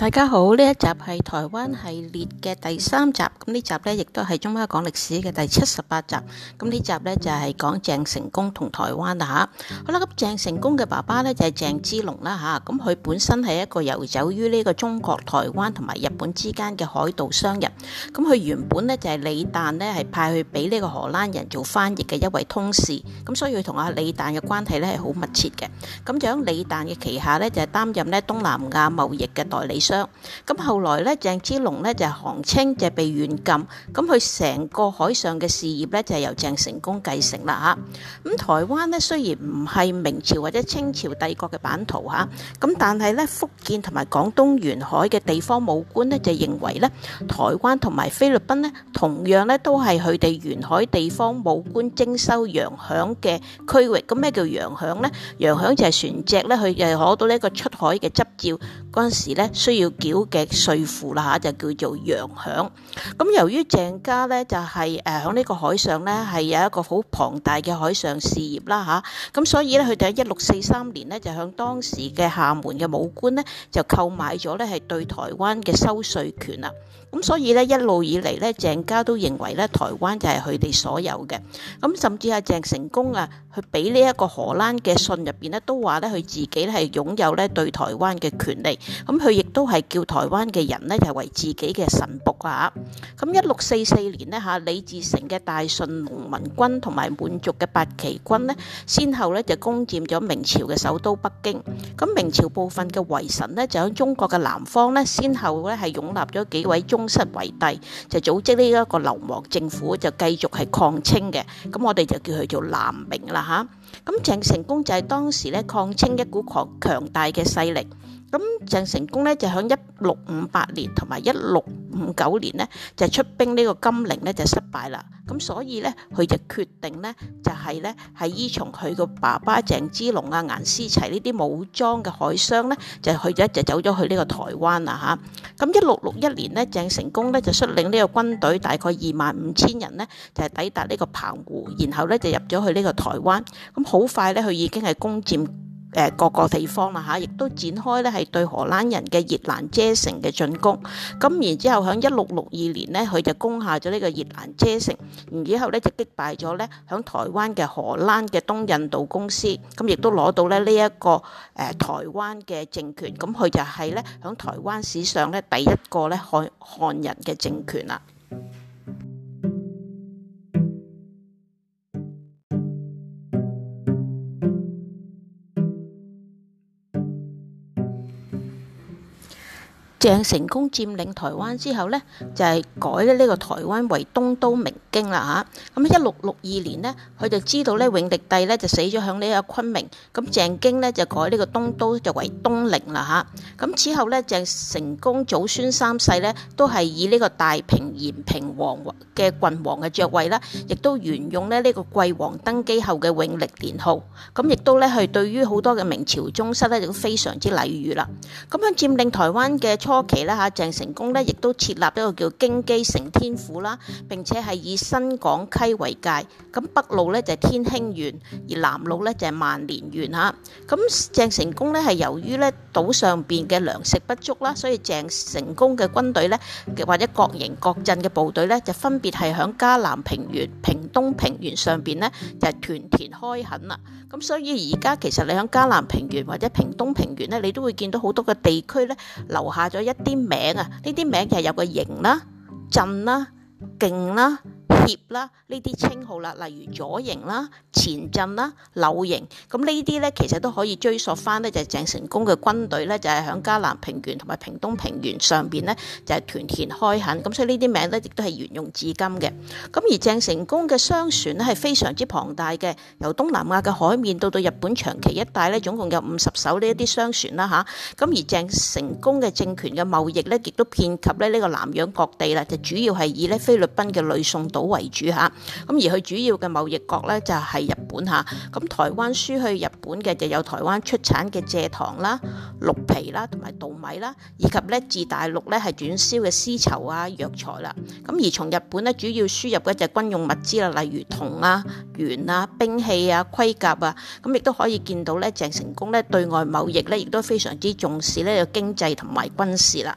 大家好，呢一集係台灣系列嘅第三集，咁呢集呢，亦都係中巴講歷史嘅第七十八集，咁呢集呢，就係講鄭成功同台灣啦吓。好啦，咁鄭成功嘅爸爸呢，就係鄭芝龍啦吓，咁佢本身係一個遊走於呢個中國台灣同埋日本之間嘅海盜商人，咁佢原本呢，就係李旦呢，係派去俾呢個荷蘭人做翻譯嘅一位通事，咁所以佢同阿李旦嘅關係呢，係好密切嘅，咁在李旦嘅旗下呢，就係擔任呢東南亞貿易嘅代理咁後來咧，鄭芝龍咧就降清，就被軟禁。咁佢成個海上嘅事業咧，就係由鄭成功繼承啦嚇。咁台灣呢雖然唔係明朝或者清朝帝國嘅版圖嚇，咁但係咧福建同埋廣東沿海嘅地方武官呢，就認為咧，台灣同埋菲律賓呢同樣咧都係佢哋沿海地方武官徵收洋餉嘅區域。咁咩叫洋餉呢？洋餉就係船隻咧，佢誒攞到呢一個出海嘅執照。嗰陣時咧需要繳嘅稅負啦嚇，就叫做洋餉。咁由於鄭家咧就係誒響呢個海上咧係有一個好龐大嘅海上事業啦嚇，咁所以咧佢哋喺一六四三年咧就向當時嘅廈門嘅武官咧就購買咗咧係對台灣嘅收稅權啦。咁所以咧一路以嚟咧，鄭家都認為咧，台灣就係佢哋所有嘅。咁甚至阿鄭成功啊，佢俾呢一個荷蘭嘅信入邊咧，都話咧佢自己係擁有咧對台灣嘅權利。咁佢亦都係叫台灣嘅人咧，就係為自己嘅神僕啊，咁一六四四年咧吓，李自成嘅大順農民軍同埋滿族嘅八旗軍咧，先後咧就攻佔咗明朝嘅首都北京。咁明朝部分嘅遺臣咧，就響中國嘅南方咧，先後咧係擁立咗幾位宗。為帝，就組織呢一個流亡政府，就繼續係抗清嘅。咁我哋就叫佢做南明啦，吓。咁鄭成功就係當時咧抗清一股強強大嘅勢力。咁鄭成功呢就喺一六五八年同埋一六五九年呢，就出兵呢個金陵呢，就失敗啦，咁所以呢，佢就決定呢，就係、係、呢，係依從佢個爸爸鄭芝龍啊顏思齊呢啲武裝嘅海商呢，就去咗就走咗去呢個台灣啊吓。咁一六六一年呢，鄭成功呢，就率領呢個軍隊大概二萬五千人呢，就係抵達呢個澎湖，然後呢，就入咗去呢個台灣，咁好快呢，佢已經係攻佔誒各個地方啦嚇，亦都展開咧係對荷蘭人嘅熱蘭遮城嘅進攻，咁然之後喺一六六二年咧，佢就攻下咗呢個熱蘭遮城，然之後咧就擊敗咗咧喺台灣嘅荷蘭嘅東印度公司，咁亦都攞到咧呢一個誒台灣嘅政權，咁佢就係咧喺台灣史上咧第一個咧漢漢人嘅政權啦。鄭成功佔領台灣之後呢，就係、是、改咧呢個台灣為東都明京啦吓，咁一六六二年呢，佢就知道呢永歷帝呢就死咗喺呢個昆明，咁鄭經呢就改呢個東都就為東寧啦吓，咁、啊、此後呢，鄭成功祖孫三世呢都係以呢個大平延平王嘅郡王嘅爵位啦，亦、啊、都沿用咧呢、這個貴王登基後嘅永歷年號。咁、啊、亦都呢，係對於好多嘅明朝宗室咧都非常之禮遇啦。咁、啊、樣佔領台灣嘅。初期啦嚇，鄭成功咧亦都設立一個叫京畿承天府啦，並且係以新港溪為界。咁北路咧就係天興縣，而南路咧就係萬年縣嚇。咁鄭成功咧係由於咧島上邊嘅糧食不足啦，所以鄭成功嘅軍隊咧或者各營各鎮嘅部隊咧就分別係響嘉南平原、屏東平原上邊咧就係屯田開墾啊。咁所以而家其實你在嘉南平原或者屏東平原呢你都會見到好多個地區呢留下咗一啲名字啊！呢啲名其實有個營啦、啊、鎮啦、啊、勁啦、啊。葉啦，呢啲稱號啦，例如左營啦、前鎮啦、柳營，咁呢啲呢，其實都可以追溯翻呢就係鄭成功嘅軍隊呢就係響嘉南平原同埋屏東平原上邊呢就係屯田開墾，咁所以呢啲名呢，亦都係沿用至今嘅。咁而鄭成功嘅商船呢，係非常之龐大嘅，由東南亞嘅海面到到日本長崎一帶呢總共有五十艘呢一啲商船啦嚇。咁而鄭成功嘅政權嘅貿易呢，亦都遍及咧呢個南洋各地啦，就主要係以呢菲律賓嘅呂宋島為為主吓，咁而佢主要嘅貿易國咧，就係日本吓，咁台灣輸去日本嘅就有台灣出產嘅蔗糖啦、綠皮啦、同埋稻米啦，以及咧自大陸咧係轉銷嘅絲綢啊、藥材啦，咁而從日本咧主要輸入嘅就係軍用物資啦，例如銅啊、鉛啊、兵器啊、盔甲啊，咁亦都可以見到咧鄭成功咧對外貿易咧亦都非常之重視呢個經濟同埋軍事啦。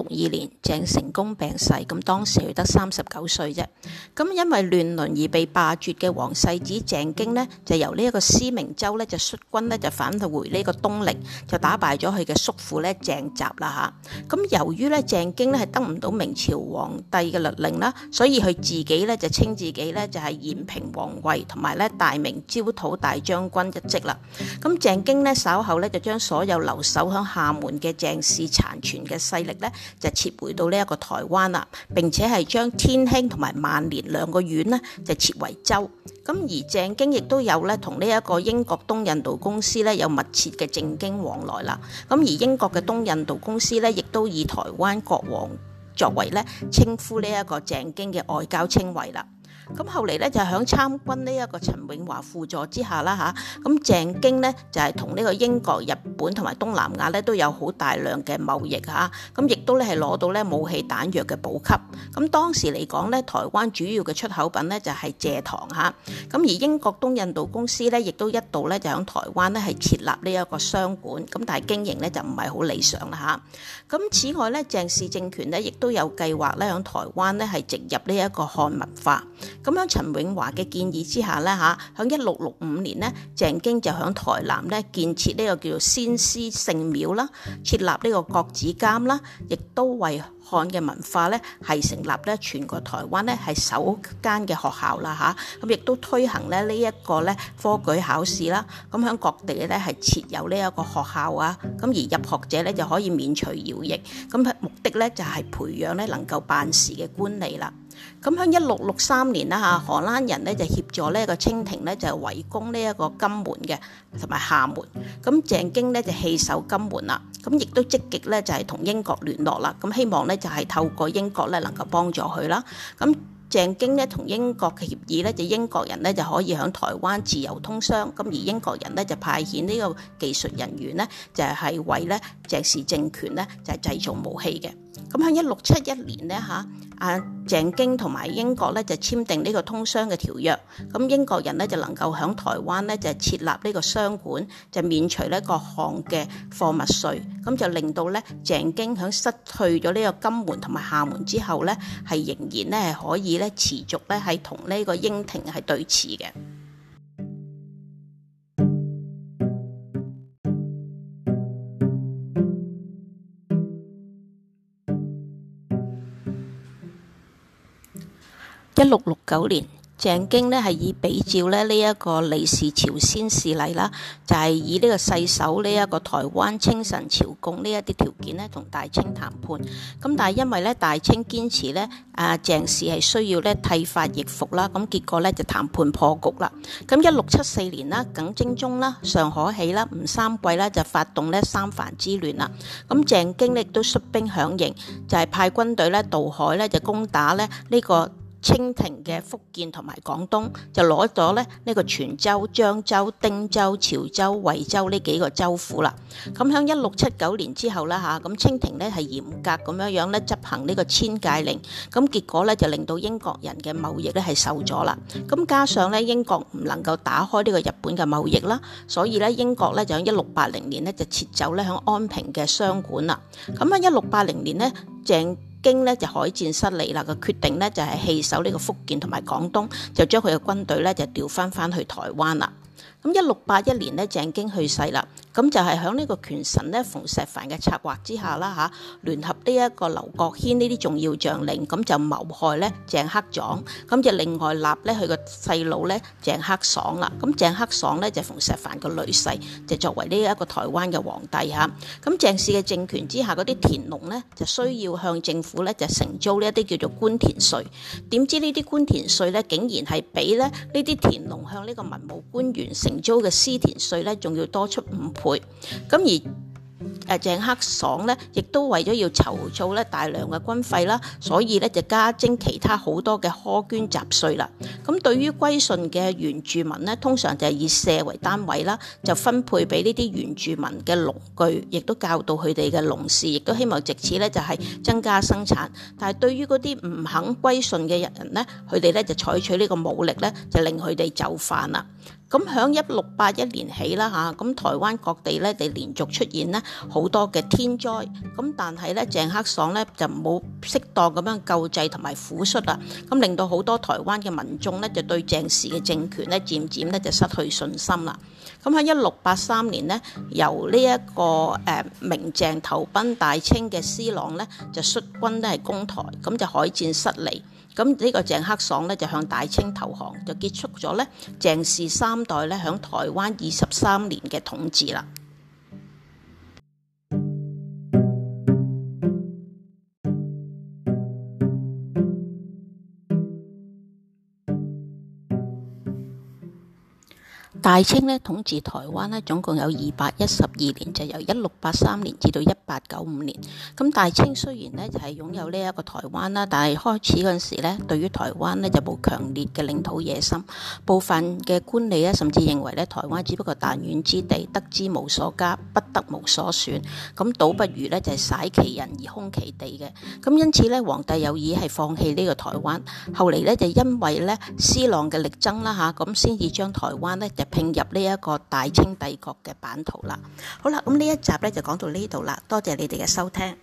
六二年，鄭成功病逝，咁當時佢得三十九歲啫。咁因為亂倫而被罷黜嘅皇世子鄭經呢，就由呢一個思明州呢，就率軍呢，就返回呢個東寧，就打敗咗佢嘅叔父呢，鄭襲啦吓。咁由於呢鄭經呢，係得唔到明朝皇帝嘅律令啦，所以佢自己呢，就稱自己呢，就係延平王位，同埋呢大明招討大將軍一職啦。咁鄭經呢，稍後呢，就將所有留守響廈門嘅鄭氏殘存嘅勢力呢。就撤回到呢一個台灣啦，並且係將天興同埋萬年兩個縣呢，就設為州。咁而鄭經亦都有咧，同呢一個英國東印度公司咧有密切嘅政經往來啦。咁而英國嘅東印度公司咧，亦都以台灣國王作為咧稱呼呢一個鄭經嘅外交稱謂啦。咁後嚟咧就喺參軍呢一個陳永華輔助之下啦吓，咁鄭經呢，就係同呢個英國、日本同埋東南亞咧都有好大量嘅貿易吓，咁亦都咧係攞到咧武器彈藥嘅補給。咁當時嚟講咧，台灣主要嘅出口品咧就係蔗糖吓，咁而英國東印度公司咧，亦都一度咧就喺台灣咧係設立呢一個商館，咁但係經營咧就唔係好理想啦吓，咁此外咧，鄭氏政權咧亦都有計劃咧喺台灣咧係植入呢一個漢文化。咁喺陳永華嘅建議之下咧嚇，喺一六六五年咧，鄭經就喺台南咧建設呢個叫做先師聖廟啦，設立呢個國子監啦，亦都為漢嘅文化咧係成立咧全國台灣咧係首間嘅學校啦吓，咁亦都推行咧呢一個咧科舉考試啦，咁喺各地咧係設有呢一個學校啊，咁而入學者咧就可以免除徭役，咁目的咧就係培養咧能夠辦事嘅官吏啦。咁喺一六六三年啦嚇，荷蘭人咧就協助呢個清廷咧就圍攻呢一個金門嘅同埋廈門。咁鄭經咧就棄守金門啦，咁亦都積極咧就係同英國聯絡啦，咁希望咧就係透過英國咧能夠幫助佢啦。咁鄭經咧同英國嘅協議咧，就英國人咧就可以喺台灣自由通商，咁而英國人咧就派遣呢個技術人員咧就係為咧。鄭氏政權咧就係、是、製造武器嘅，咁喺一六七一年咧吓，阿、啊、鄭經同埋英國咧就簽訂呢個通商嘅條約，咁英國人咧就能夠喺台灣咧就設立呢個商館，就免除呢各項嘅貨物稅，咁就令到咧鄭經喺失去咗呢個金門同埋廈門之後咧，係仍然咧係可以咧持續咧係同呢個英廷係對峙嘅。一六六九年，鄭經呢係以比照呢一個李氏朝鮮事例啦，就係以呢個世守呢一個台灣稱臣朝貢呢一啲條件呢，同大清談判。咁但係因為呢大清堅持呢啊鄭氏係需要呢剃髮易服啦，咁結果呢就談判破局啦。咁一六七四年啦，耿精忠啦、尚可喜啦、吳三桂啦就發動呢三藩之亂啦。咁鄭經亦都率兵響應，就係派軍隊呢渡海呢，就攻打呢呢個。清廷嘅福建同埋廣東就攞咗咧呢個泉州、漳州、汀州、潮州、惠州呢幾個州府啦。咁喺一六七九年之後咧嚇，咁清廷呢係嚴格咁樣樣咧執行呢個遷界令，咁結果咧就令到英國人嘅貿易咧係受阻啦。咁加上咧英國唔能夠打開呢個日本嘅貿易啦，所以咧英國咧就喺一六八零年咧就撤走咧喺安平嘅商館啦。咁喺一六八零年呢，鄭經呢就海戰失利啦，個決定呢就係、是、棄守呢個福建同埋廣東，就將佢嘅軍隊呢就調翻翻去台灣啦。咁一六八一年咧，鄭經去世啦，咁就係喺呢個權臣咧馮錫範嘅策劃之下啦嚇，聯合呢一個劉國軒呢啲重要將領，咁就謀害咧鄭克臧，咁就另外立咧佢個細佬咧鄭克塽啦，咁鄭克塽咧就馮錫範個女婿，就作為呢一個台灣嘅皇帝嚇。咁鄭氏嘅政權之下，嗰啲田農咧就需要向政府咧就承租呢一啲叫做官田稅，點知呢啲官田稅咧竟然係俾咧呢啲田農向呢個文武官員。承租嘅私田稅咧，仲要多出五倍。咁而誒鄭克爽咧，亦都為咗要籌措咧大量嘅軍費啦，所以咧就加徵其他好多嘅苛捐雜稅啦。咁對於歸順嘅原住民咧，通常就係以社為單位啦，就分配俾呢啲原住民嘅農具，亦都教導佢哋嘅農事，亦都希望藉此咧就係增加生產。但係對於嗰啲唔肯歸順嘅人咧，佢哋咧就採取呢個武力咧，就令佢哋就範啦。咁響一六八一年起啦吓，咁台灣各地咧地連續出現咧好多嘅天災，咁但係咧鄭克爽咧就冇適當咁樣救濟同埋撫恤啦，咁令到好多台灣嘅民眾咧就對鄭氏嘅政權咧漸漸咧就失去信心啦。咁喺一六八三年呢，由呢一個誒明鄭投奔大清嘅施琅咧，就率軍都係攻台，咁就海戰失利。咁呢個鄭克爽呢，就向大清投降，就結束咗呢鄭氏三代呢，喺台灣二十三年嘅統治啦。大清咧統治台灣咧總共有二百一十二年，就由一六八三年至到一八九五年。咁大清雖然咧就係、是、擁有呢一個台灣啦，但係開始嗰陣時咧，對於台灣咧就冇強烈嘅領土野心。部分嘅官吏咧甚至認為咧，台灣只不過彈丸之地，得之無所加，不得無所損。咁倒不如咧就係、是、使其人而空其地嘅。咁因此咧，皇帝有意係放棄呢個台灣。後嚟咧就因為呢施琅嘅力爭啦嚇，咁先至將台灣咧就。併入呢一個大清帝國嘅版圖啦。好啦，咁呢一集呢就講到呢度啦。多謝你哋嘅收聽。